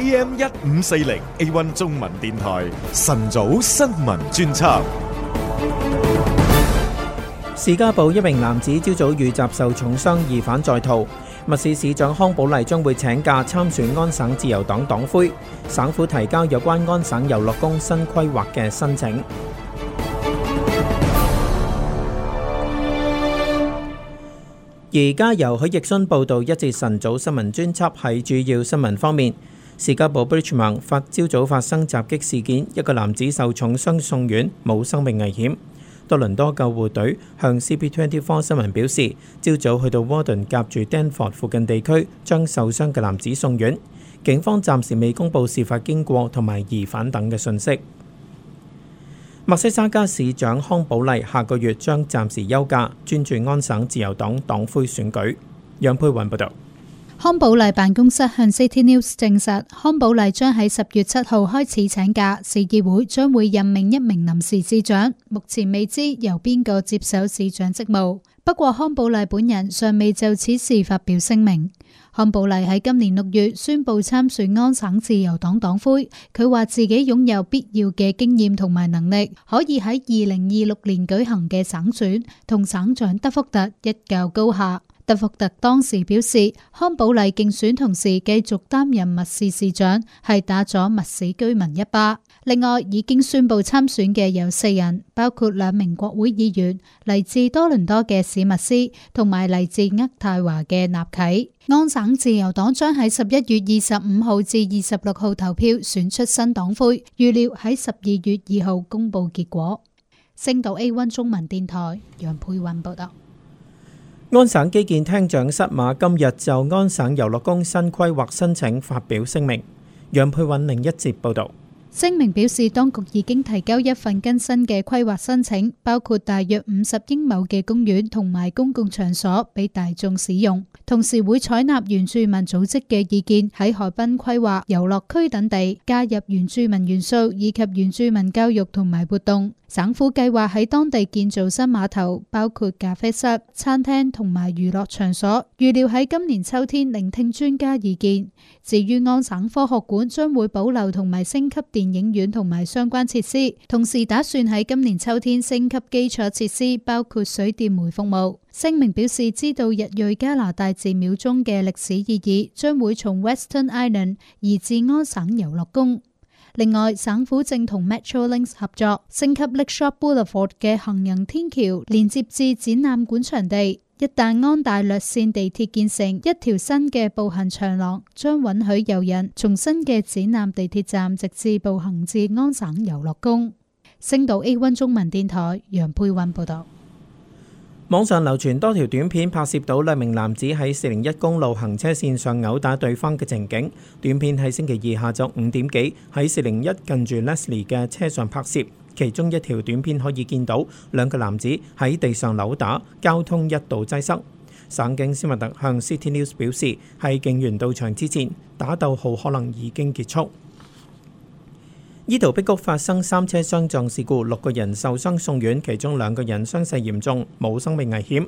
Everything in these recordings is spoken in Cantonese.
AM 一五四零 A One 中文電台晨早新聞專輯。士嘉堡一名男子朝早遇襲受重傷，疑犯在逃。密市市長康寶麗將會請假參選安省自由黨黨魁。省府提交有關安省遊樂宮新規劃嘅申請。而家由許奕迅報道一節晨早新聞專輯，喺主要新聞方面。《時報》British 聞，發朝早發生襲擊事件，一個男子受重傷送院，冇生命危險。多倫多救護隊向 CP24 方新聞表示，朝早去到 Warden 夾住 Danforth 附近地區，將受傷嘅男子送院。警方暫時未公布事發經過同埋疑犯等嘅信息。密西沙加市長康寶麗下個月將暫時休假，專注安省自由黨黨魁選舉。楊佩雲報道。。康寶麗辦公室向 City News 證實，康寶麗將喺十月七號開始請假，市議會將會任命一名臨時市長，目前未知由邊個接手市長職務。不過康寶麗本人尚未就此事發表聲明。康寶麗喺今年六月宣布參選安省自由黨黨魁，佢話自己擁有必要嘅經驗同埋能力，可以喺二零二六年舉行嘅省選同省長德福特一較高下。特福特當時表示，康保麗競選同時繼續擔任密市市長，係打咗密市居民一巴。另外，已經宣布參選嘅有四人，包括兩名國會議員，嚟自多倫多嘅史密斯，同埋嚟自渥太華嘅納啟。安省自由黨將喺十一月二十五號至二十六號投票選出新黨魁，預料喺十二月二號公布結果。星島 A1 中文電台楊佩雲報道。安省基建廳長失馬今日就安省遊樂宮新規劃申請發表聲明，楊佩韻另一節報道。聲明表示，當局已經提交一份更新嘅規劃申請，包括大約五十英畝嘅公園同埋公共場所俾大眾使用，同時會採納原住民組織嘅意見，喺海濱規劃遊樂區等地加入原住民元素以及原住民教育同埋活動。省府計劃喺當地建造新碼頭，包括咖啡室、餐廳同埋娛樂場所，預料喺今年秋天聆聽專家意見。至於安省科學館將會保留同埋升級電影院同埋相關設施，同時打算喺今年秋天升級基礎設施，包括水電煤服務。聲明表示，知道日裔加拿大寺廟中嘅歷史意義，將會從 Western Island 移至安省遊樂宮。另外，省府正同 Metrolinx 合作，升級 Lake Shore Boulevard 嘅行人天橋，連接至展覽館場地。一旦安大略線地鐵建成，一條新嘅步行長廊將允許遊人從新嘅展覽地鐵站，直至步行至安省遊樂宮。星島 A1 中文電台，楊佩雲報道。網上流傳多條短片，拍攝到兩名男子喺四零一公路行車線上毆打對方嘅情景。短片喺星期二下晝五點幾喺四零一近住 Leslie 嘅車上拍攝。其中一條短片可以見到兩個男子喺地上扭打，交通一度擠塞。省警斯密特向 City News 表示，喺警員到場之前，打鬥好可能已經結束。怡陶碧谷發生三車相撞事故，六個人受傷送院，其中兩個人傷勢嚴重，冇生命危險。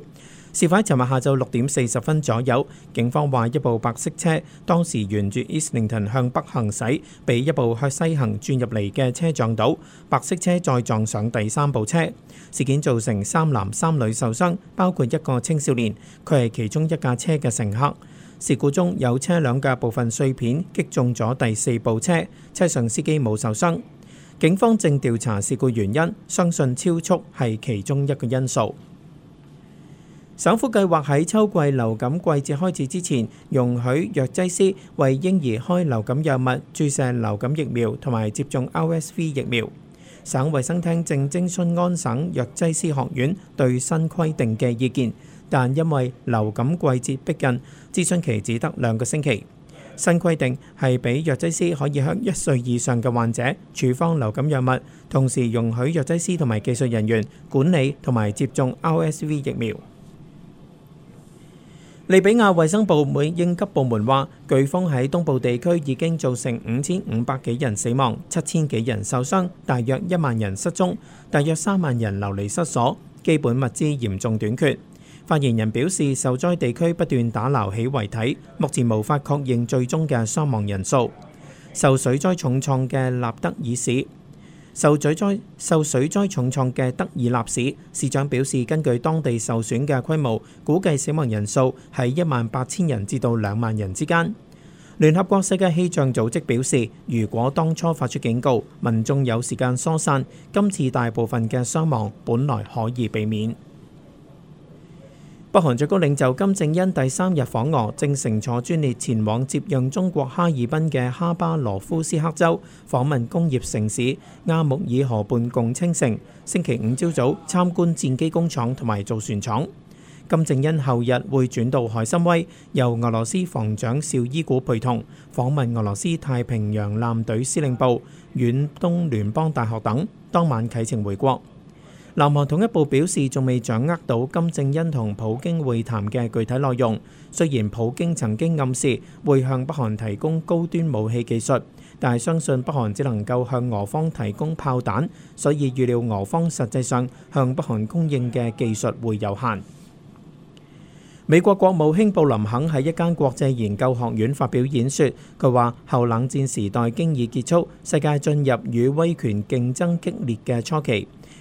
事發尋日下晝六點四十分左右，警方話一部白色車當時沿住 Islington 向北行駛，被一部向西行轉入嚟嘅車撞倒，白色車再撞上第三部車，事件造成三男三女受傷，包括一個青少年，佢係其中一架車嘅乘客。事故中有車輛嘅部分碎片擊中咗第四部車，車上司機冇受傷。警方正調查事故原因，相信超速係其中一個因素。省府計劃喺秋季流感季節開始之前，容許藥劑師為嬰兒開流感藥物、注射流感疫苗同埋接種 RSV 疫苗。省衛生廳正徵詢安省藥劑師學院對新規定嘅意見。但因為流感季節逼近，諮詢期只得兩個星期。新規定係俾藥劑師可以向一歲以上嘅患者處方流感藥物，同時容許藥劑師同埋技術人員管理同埋接種 RSV 疫苗。利比亞衛生部每應急部門話，颶風喺東部地區已經造成五千五百幾人死亡、七千幾人受傷、大約一萬人失蹤、大約三萬人流離失所，基本物資嚴重短缺。發言人表示，受災地區不斷打撈起遺體，目前無法確認最終嘅傷亡人數。受水災重創嘅納德爾市，受水災受水災重創嘅德爾納市市長表示，根據當地受損嘅規模，估計死亡人數係一萬八千人至到兩萬人之間。聯合國世界氣象組織表示，如果當初發出警告，民眾有時間疏散，今次大部分嘅傷亡本來可以避免。北韓最高領袖金正恩第三日訪俄，正乘坐專列前往接壤中國哈爾濱嘅哈巴羅夫斯克州，訪問工業城市阿穆爾河畔共青城，星期五朝早參觀戰機工廠同埋造船廠。金正恩後日會轉到海參崴，由俄羅斯防長邵伊古陪同，訪問俄羅斯太平洋艦隊司令部、遠東聯邦大學等，當晚啟程回國。南韓統一部表示，仲未掌握到金正恩同普京會談嘅具體內容。雖然普京曾經暗示會向北韓提供高端武器技術，但係相信北韓只能夠向俄方提供炮彈，所以預料俄方實際上向北韓供應嘅技術會有限。美國國務卿布林肯喺一間國際研究學院發表演說，佢話，後冷戰時代經已結束，世界進入與威權競爭激烈嘅初期。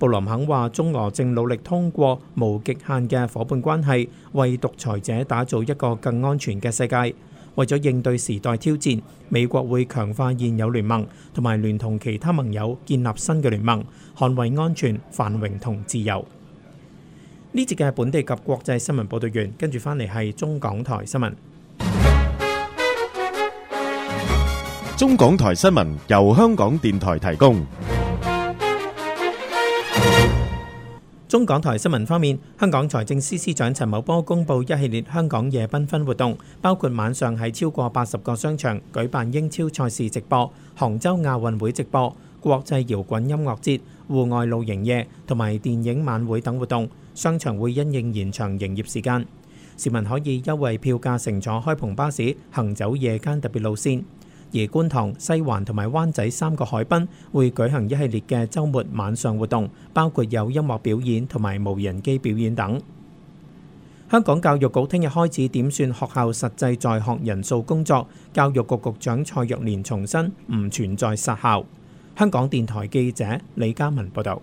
布林肯話：中俄正努力通過無極限嘅伙伴關係，為獨裁者打造一個更安全嘅世界。為咗應對時代挑戰，美國會強化現有聯盟，同埋聯同其他盟友建立新嘅聯盟，捍衛安全、繁榮同自由。呢節嘅本地及國際新聞報道完，跟住翻嚟係中港台新聞。中港台新聞由香港電台提供。中港台新聞方面，香港財政司司長陳茂波公布一系列香港夜繽紛活動，包括晚上喺超過八十個商場舉辦英超賽事直播、杭州亞運會直播、國際搖滾音樂節、戶外露營夜同埋電影晚會等活動。商場會因應延長營業時間，市民可以優惠票價乘坐開篷巴士、行走夜間特別路線。夜觀塘、西環同埋灣仔三個海濱會舉行一系列嘅週末晚上活動，包括有音樂表演同埋無人機表演等。香港教育局聽日開始點算學校實際在學人數工作，教育局局長蔡若蓮重申唔存在失效。香港電台記者李嘉文報導。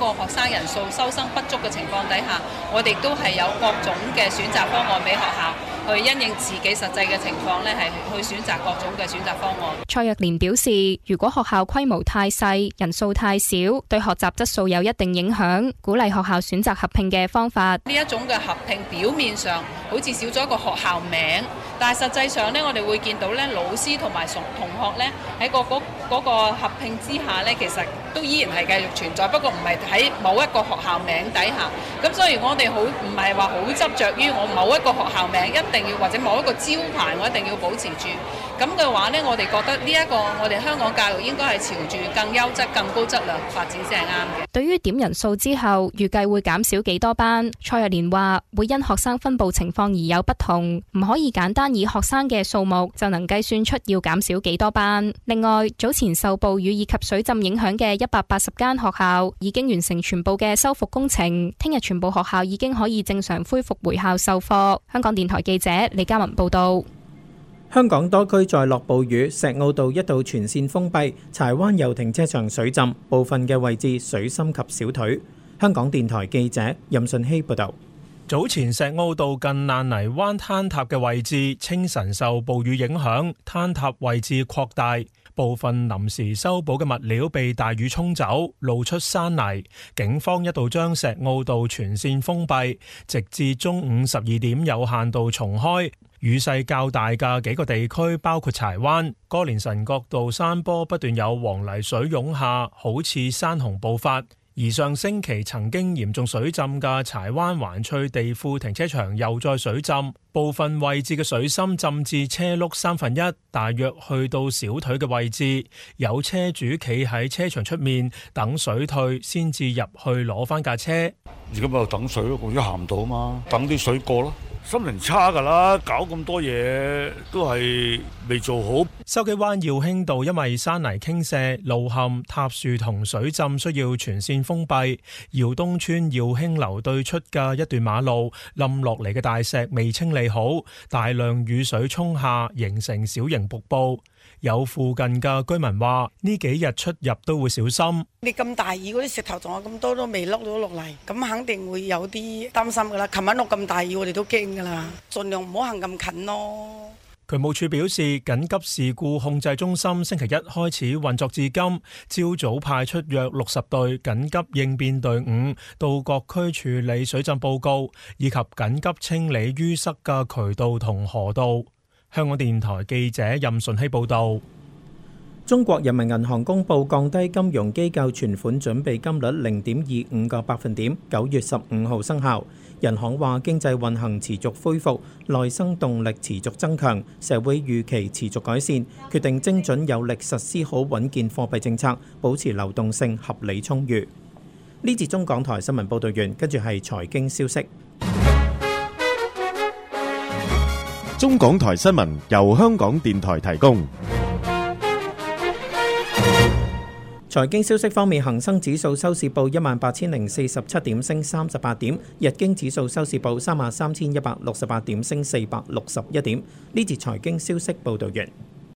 個學生人數收生不足嘅情況底下，我哋都係有各種嘅選擇方案俾學校去因應自己實際嘅情況呢係去選擇各種嘅選擇方案。蔡若蓮表示，如果學校規模太細，人數太少，對學習質素有一定影響，鼓勵學校選擇合併嘅方法。呢一種嘅合併表面上好似少咗一個學校名。但係實際上咧，我哋會見到咧，老師同埋同同學咧，喺個嗰嗰個合併之下咧，其實都依然係繼續存在。不過唔係喺某一個學校名底下。咁所以我哋好唔係話好執著於我某一個學校名一定要或者某一個招牌，我一定要保持住。咁嘅話咧，我哋覺得呢一個我哋香港教育應該係朝住更優質、更高質量發展先係啱嘅。對於點人數之後預計會減少幾多班，蔡若蓮話會因學生分佈情況而有不同，唔可以簡單，以學生嘅數目就能計算出要減少幾多班。另外，早前受暴雨以及水浸影響嘅一百八十間學校已經完成全部嘅修復工程，聽日全部學校已經可以正常恢復回校授課。香港電台記者李嘉文報道。香港多區在落暴雨，石澳道一度全線封閉，柴灣又停車場水浸，部分嘅位置水深及小腿。香港電台記者任信希報道。早前石澳道近爛泥灣坍塌嘅位置，清晨受暴雨影響，坍塌位置擴大，部分臨時修補嘅物料被大雨沖走，露出山泥。警方一度將石澳道全綫封閉，直至中午十二點有限度重開。雨勢較大嘅幾個地區包括柴灣、歌連臣角道，山坡不斷有黃泥水湧下，好似山洪爆發。而上星期曾經嚴重水浸嘅柴灣環翠地庫停車場又再水浸，部分位置嘅水深浸至車轆三分一，大約去到小腿嘅位置。有車主企喺車場出面等水退先至入去攞返架車。而家咪又等水咯，我而家行唔到嘛，等啲水過咯。心情差㗎啦，搞咁多嘢都係未做好。筲箕灣耀興道因為山泥傾瀉、路陷、塌樹同水浸，需要全線封閉。耀東村耀興樓對出嘅一段馬路，冧落嚟嘅大石未清理好，大量雨水沖下，形成小型瀑布。有附近嘅居民話：呢幾日出入都會小心。你咁大雨，嗰啲石頭仲有咁多都未碌到落嚟，咁肯定會有啲擔心噶啦。琴晚落咁大雨，我哋都驚噶啦，盡量唔好行咁近咯，哦。渠務署表示，緊急事故控制中心星期一開始運作至今，朝早派出約六十隊緊急應變隊伍到各區處理水浸報告，以及緊急清理淤塞嘅渠道同河道。香港電台記者任順希報道：中國人民銀行公布降低金融機構存款準備金率零點二五個百分點，九月十五號生效。人行話經濟運行持續恢復，內生動力持續增強，社會預期持續改善，決定精準有力實施好穩健貨幣政策，保持流動性合理充裕。呢節中港台新聞報道完，跟住係財經消息。中港台新聞由香港電台提供。財經消息方面，恒生指數收市報一萬八千零四十七點，升三十八點；日經指數收市報三萬三千一百六十八點，升四百六十一點。呢節財經消息報道完。